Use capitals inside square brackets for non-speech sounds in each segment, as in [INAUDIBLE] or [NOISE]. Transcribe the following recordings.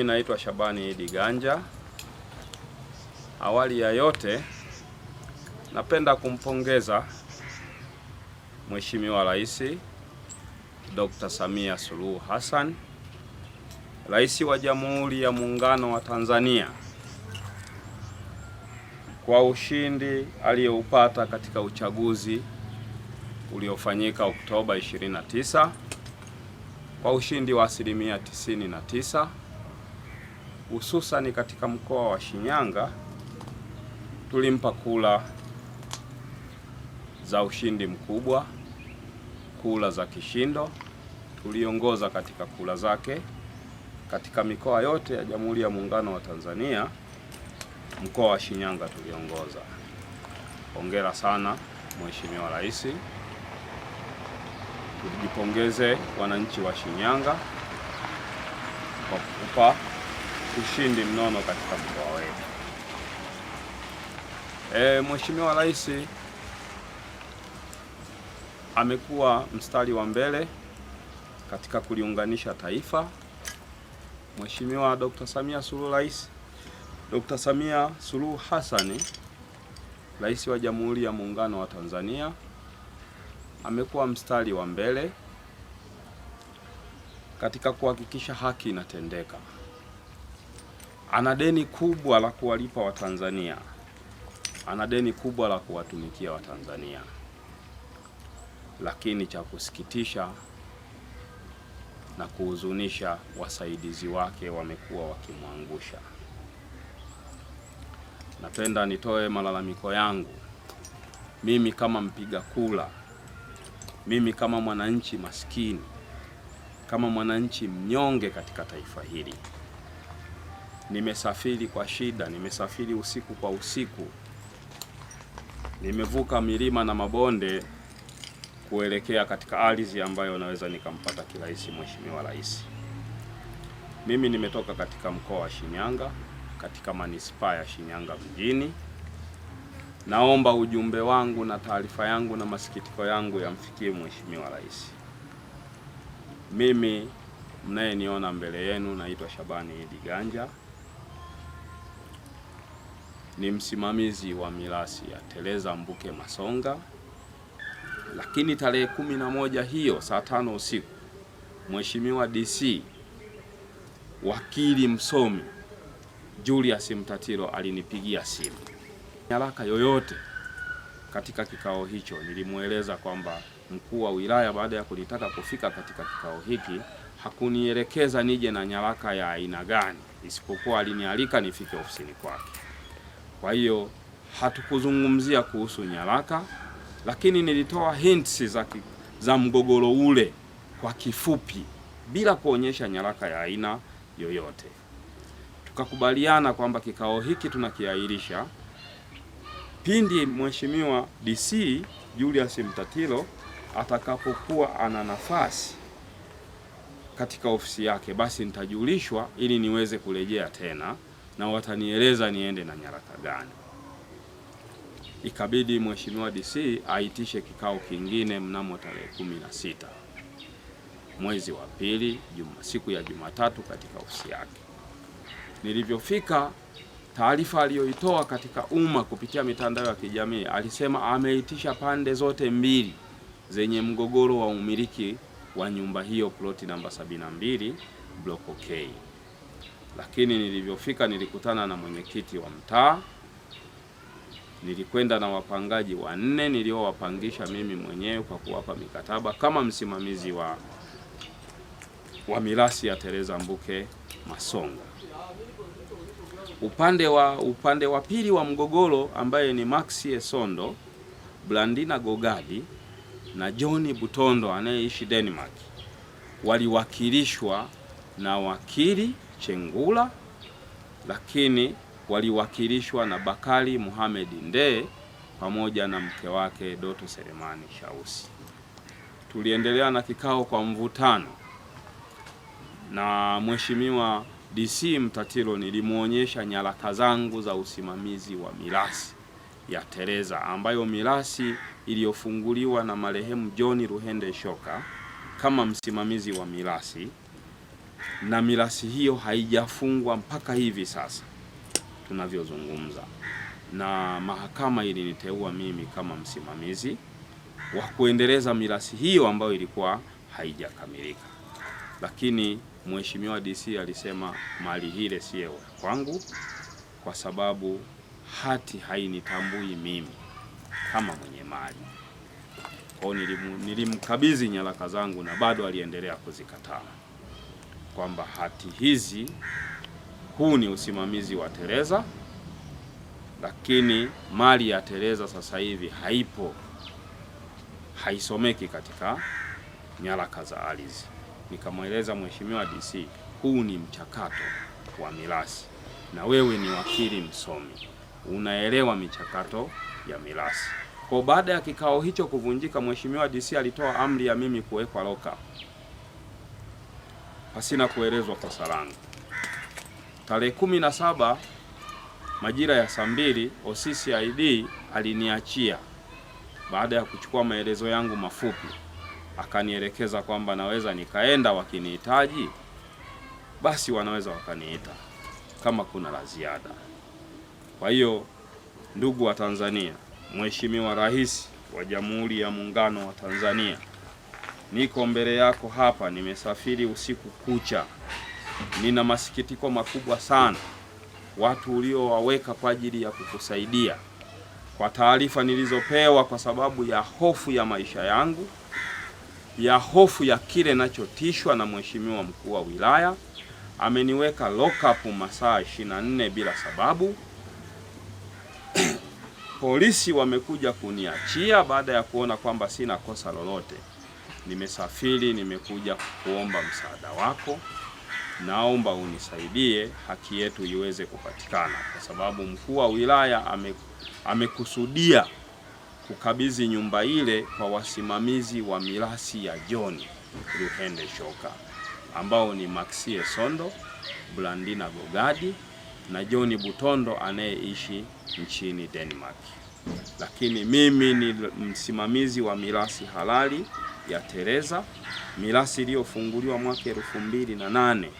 Mimi naitwa Shabani Idi Ganja. Awali ya yote, napenda kumpongeza Mheshimiwa Rais Dr. Samia Suluhu Hassan, Rais wa Jamhuri ya Muungano wa Tanzania kwa ushindi aliyoupata katika uchaguzi uliofanyika Oktoba 29 kwa ushindi wa asilimia 99 hususani katika mkoa wa Shinyanga tulimpa kula za ushindi mkubwa, kula za kishindo. Tuliongoza katika kula zake katika mikoa yote ya Jamhuri ya Muungano wa Tanzania, mkoa wa Shinyanga tuliongoza. Hongera sana Mheshimiwa Rais, tujipongeze wananchi wa Shinyanga kwa kupa ushindi mnono katika mkoa wetu. E, Mheshimiwa Rais amekuwa mstari wa mbele katika kuliunganisha taifa. Mheshimiwa Dr. Samia Suluhu Rais Dr. Samia Suluhu Hassan Rais wa Jamhuri ya Muungano wa Tanzania amekuwa mstari wa mbele katika kuhakikisha haki inatendeka ana deni kubwa la kuwalipa Watanzania, ana deni kubwa la kuwatumikia Watanzania, lakini cha kusikitisha na kuhuzunisha, wasaidizi wake wamekuwa wakimwangusha. Napenda nitoe malalamiko yangu mimi kama mpiga kula mimi kama mwananchi maskini, kama mwananchi mnyonge katika taifa hili. Nimesafiri kwa shida, nimesafiri usiku kwa usiku, nimevuka milima na mabonde kuelekea katika ardhi ambayo naweza nikampata kirahisi Mheshimiwa Rais. Mimi nimetoka katika mkoa wa Shinyanga, katika manispaa ya Shinyanga mjini. Naomba ujumbe wangu na taarifa yangu na masikitiko yangu yamfikie Mheshimiwa Rais. Mimi mnayeniona mbele yenu naitwa Shabani Idi Ganja ni msimamizi wa mirasi ya Tereza Mbuke Masonga. Lakini tarehe kumi na moja hiyo saa tano usiku Mheshimiwa DC wakili msomi Julius Mtatiro alinipigia simu. Nyaraka yoyote katika kikao hicho nilimweleza kwamba mkuu wa wilaya baada ya kulitaka kufika katika kikao hiki hakunielekeza nije na nyaraka ya aina gani, isipokuwa alinialika nifike ofisini kwake. Kwa hiyo hatukuzungumzia kuhusu nyaraka, lakini nilitoa hints za, za mgogoro ule kwa kifupi bila kuonyesha nyaraka ya aina yoyote. Tukakubaliana kwamba kikao hiki tunakiahirisha pindi Mheshimiwa DC Julius Mtatiro atakapokuwa ana nafasi katika ofisi yake, basi nitajulishwa ili niweze kurejea tena na watanieleza niende na nyaraka gani. Ikabidi mheshimiwa DC aitishe kikao kingine mnamo tarehe kumi na sita mwezi wa pili, juma siku ya Jumatatu katika ofisi yake. Nilivyofika, taarifa aliyoitoa katika umma kupitia mitandao ya kijamii, alisema ameitisha pande zote mbili zenye mgogoro wa umiliki wa nyumba hiyo ploti namba 72 block K lakini nilivyofika nilikutana na mwenyekiti wa mtaa, nilikwenda na wapangaji wanne niliowapangisha mimi mwenyewe kwa kuwapa mikataba kama msimamizi wa, wa mirasi ya Tereza Mbuke Masonga. Upande wa upande wa pili wa mgogoro ambaye ni Maxi Esondo, Blandina Gogadi na John Butondo anayeishi Denmark waliwakilishwa na wakili Chengula, lakini waliwakilishwa na Bakari muhamedi Ndee pamoja na mke wake Doto Selemani Shausi. Tuliendelea na kikao kwa mvutano, na Mheshimiwa DC Mtatiro nilimwonyesha nyaraka zangu za usimamizi wa mirasi ya Tereza ambayo mirasi iliyofunguliwa na marehemu John Ruhende Shoka kama msimamizi wa mirasi na mirasi hiyo haijafungwa mpaka hivi sasa tunavyozungumza, na mahakama iliniteua mimi kama msimamizi wa kuendeleza mirasi hiyo ambayo ilikuwa haijakamilika, lakini mheshimiwa DC alisema mali hile siyo kwangu kwa sababu hati hainitambui mimi kama mwenye mali. kwao nilimkabidhi nyaraka zangu na bado aliendelea kuzikataa kwamba hati hizi, huu ni usimamizi wa Tereza, lakini mali ya Tereza sasa hivi haipo, haisomeki katika nyaraka za ardhi. Nikamweleza mheshimiwa DC, huu ni mchakato wa mirasi, na wewe ni wakili msomi, unaelewa michakato ya mirasi. Kwa baada ya kikao hicho kuvunjika, mheshimiwa DC alitoa amri ya mimi kuwekwa loka pasina kuelezwa kosa langu. Tarehe kumi na saba majira ya saa mbili OCCID aliniachia baada ya kuchukua maelezo yangu mafupi, akanielekeza kwamba naweza nikaenda, wakinihitaji basi wanaweza wakaniita kama kuna la ziada. Kwa hiyo ndugu wa Tanzania, Mheshimiwa Rais wa Jamhuri ya Muungano wa Tanzania niko mbele yako hapa, nimesafiri usiku kucha, nina masikitiko makubwa sana. Watu uliowaweka kwa ajili ya kukusaidia, kwa taarifa nilizopewa, kwa sababu ya hofu ya maisha yangu, ya hofu ya kile nachotishwa na mheshimiwa mkuu wa wilaya, ameniweka up masaa 24 bila sababu. [CLEARS THROAT] Polisi wamekuja kuniachia baada ya kuona kwamba sina kosa lolote nimesafiri, nimekuja kuomba msaada wako, naomba unisaidie haki yetu iweze kupatikana, kwa sababu mkuu wa wilaya ame, amekusudia kukabidhi nyumba ile kwa wasimamizi wa mirasi ya John Luhende Shoka ambao ni Maxie Sondo, Blandina Gogadi na John Butondo anayeishi nchini Denmark lakini mimi ni msimamizi wa mirasi halali ya TEREZA, mirasi iliyofunguliwa mwaka elfu mbili na nane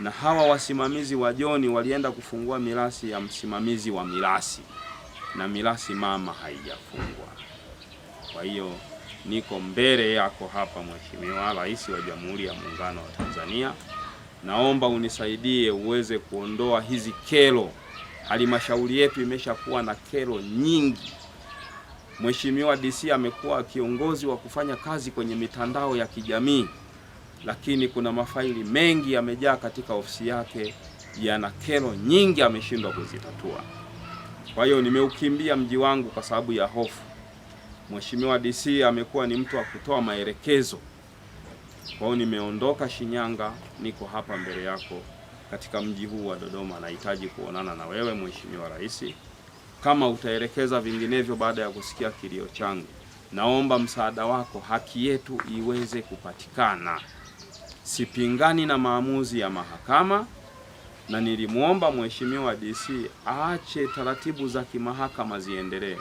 na hawa wasimamizi wa Joni walienda kufungua mirasi ya msimamizi wa mirasi na mirasi mama haijafungwa. Kwa hiyo niko mbele yako hapa, Mheshimiwa Rais wa Jamhuri ya Muungano wa Tanzania, naomba unisaidie uweze kuondoa hizi kero halmashauri yetu imeshakuwa na kero nyingi. Mheshimiwa DC amekuwa kiongozi wa kufanya kazi kwenye mitandao ya kijamii, lakini kuna mafaili mengi yamejaa katika ofisi yake, yana kero nyingi, ameshindwa kuzitatua. Kwa hiyo nimeukimbia mji wangu kwa sababu ya hofu. Mheshimiwa DC amekuwa ni mtu wa kutoa maelekezo. Kwa hiyo nimeondoka Shinyanga, niko hapa mbele yako katika mji huu wa Dodoma anahitaji kuonana na wewe Mheshimiwa Rais. Kama utaelekeza vinginevyo, baada ya kusikia kilio changu, naomba msaada wako, haki yetu iweze kupatikana. Sipingani na maamuzi ya mahakama, na nilimwomba Mheshimiwa DC aache taratibu za kimahakama ziendelee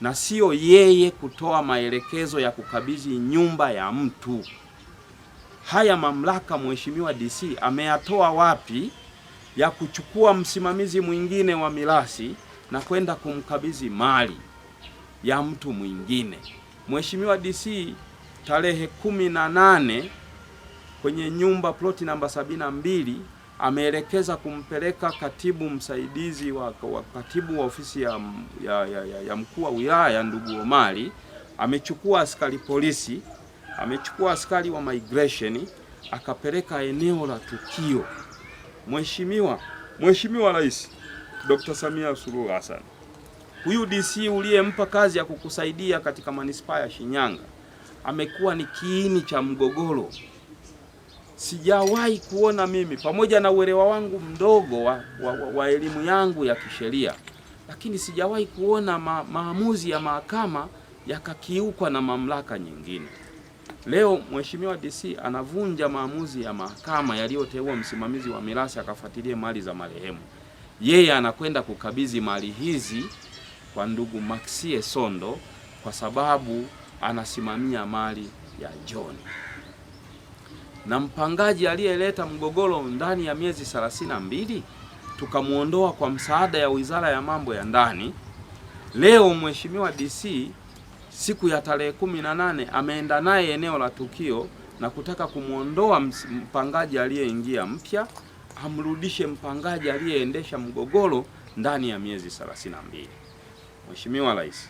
na sio yeye kutoa maelekezo ya kukabidhi nyumba ya mtu. Haya mamlaka Mheshimiwa DC ameyatoa wapi? ya kuchukua msimamizi mwingine wa mirathi na kwenda kumkabidhi mali ya mtu mwingine. Mheshimiwa DC tarehe kumi na nane kwenye nyumba ploti namba sabini na mbili ameelekeza kumpeleka katibu msaidizi wa, wa katibu wa ofisi ya, ya, ya, ya, ya mkuu wa wilaya ndugu Omari, amechukua askari polisi, amechukua askari wa migration akapeleka eneo la tukio. Mheshimiwa Mheshimiwa Rais Dr. Samia Suluhu Hassan, huyu DC uliyempa kazi ya kukusaidia katika manispaa ya Shinyanga amekuwa ni kiini cha mgogoro. Sijawahi kuona mimi, pamoja na uelewa wangu mdogo wa, wa, wa, wa elimu yangu ya kisheria, lakini sijawahi kuona ma, maamuzi ya mahakama yakakiukwa na mamlaka nyingine. Leo mheshimiwa DC anavunja maamuzi ya mahakama yaliyoteua msimamizi wa mirathi akafuatilie mali za marehemu. Yeye anakwenda kukabidhi mali hizi kwa ndugu Maxie Sondo kwa sababu anasimamia mali ya John, na mpangaji aliyeleta mgogoro ndani ya miezi thelathini na mbili tukamwondoa kwa msaada ya Wizara ya Mambo ya Ndani. Leo mheshimiwa DC siku ya tarehe kumi na nane ameenda naye eneo la tukio na kutaka kumwondoa mpangaji aliyeingia mpya amrudishe mpangaji aliyeendesha mgogoro ndani ya miezi mbili Mheshimiwa Rais,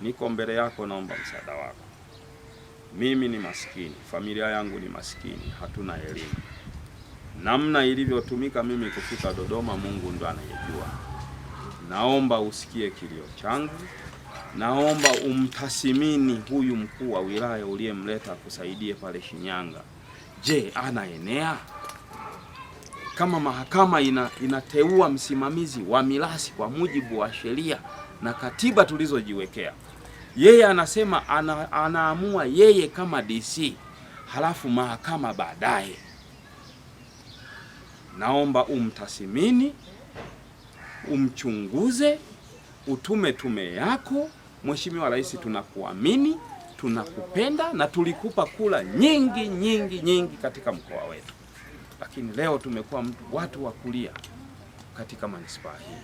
niko mbele yako, naomba msaada wako. Mimi ni maskini, familia yangu ni maskini, hatuna elimu. Namna ilivyotumika mimi kufika Dodoma, Mungu ndo anayejua. Naomba usikie kilio changu naomba umtasimini huyu mkuu wa wilaya uliyemleta akusaidie pale Shinyanga. Je, anaenea? Kama mahakama ina, inateua msimamizi wa mirathi kwa mujibu wa sheria na katiba tulizojiwekea, yeye anasema ana, anaamua yeye kama DC, halafu mahakama baadaye. Naomba umtasimini umchunguze, utume tume yako Mheshimiwa Rais, tunakuamini, tunakupenda na tulikupa kula nyingi nyingi nyingi katika mkoa wetu, lakini leo tumekuwa watu wa kulia katika manispaa hii.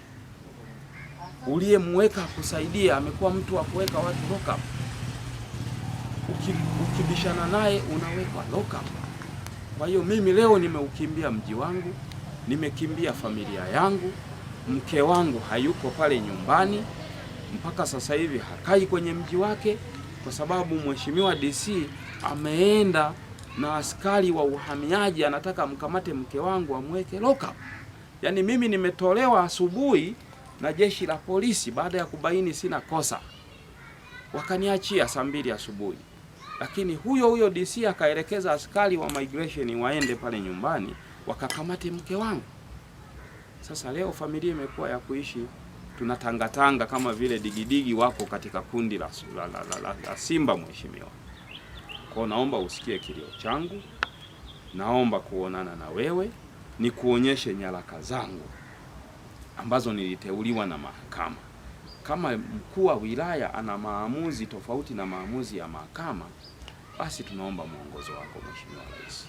Uliyemweka kusaidia amekuwa mtu wa kuweka watu lockup, ukibishana naye unawekwa lockup. Kwa hiyo mimi leo nimeukimbia mji wangu, nimekimbia familia yangu, mke wangu hayuko pale nyumbani mpaka sasa hivi hakai kwenye mji wake kwa sababu mheshimiwa DC ameenda na askari wa uhamiaji, anataka mkamate mke wangu amweke loka. Yaani mimi nimetolewa asubuhi na jeshi la polisi baada ya kubaini sina kosa, wakaniachia saa mbili asubuhi, lakini huyo huyo DC akaelekeza askari wa migration waende pale nyumbani wakakamate mke wangu. Sasa leo familia imekuwa ya kuishi tunatangatanga kama vile digidigi wako katika kundi la, la, la, la, la, la simba mheshimiwa. Kwa naomba usikie kilio changu, naomba kuonana na wewe, ni kuonyeshe nyaraka zangu ambazo niliteuliwa na mahakama. Kama mkuu wa wilaya ana maamuzi tofauti na maamuzi ya mahakama, basi tunaomba mwongozo wako Mheshimiwa Rais.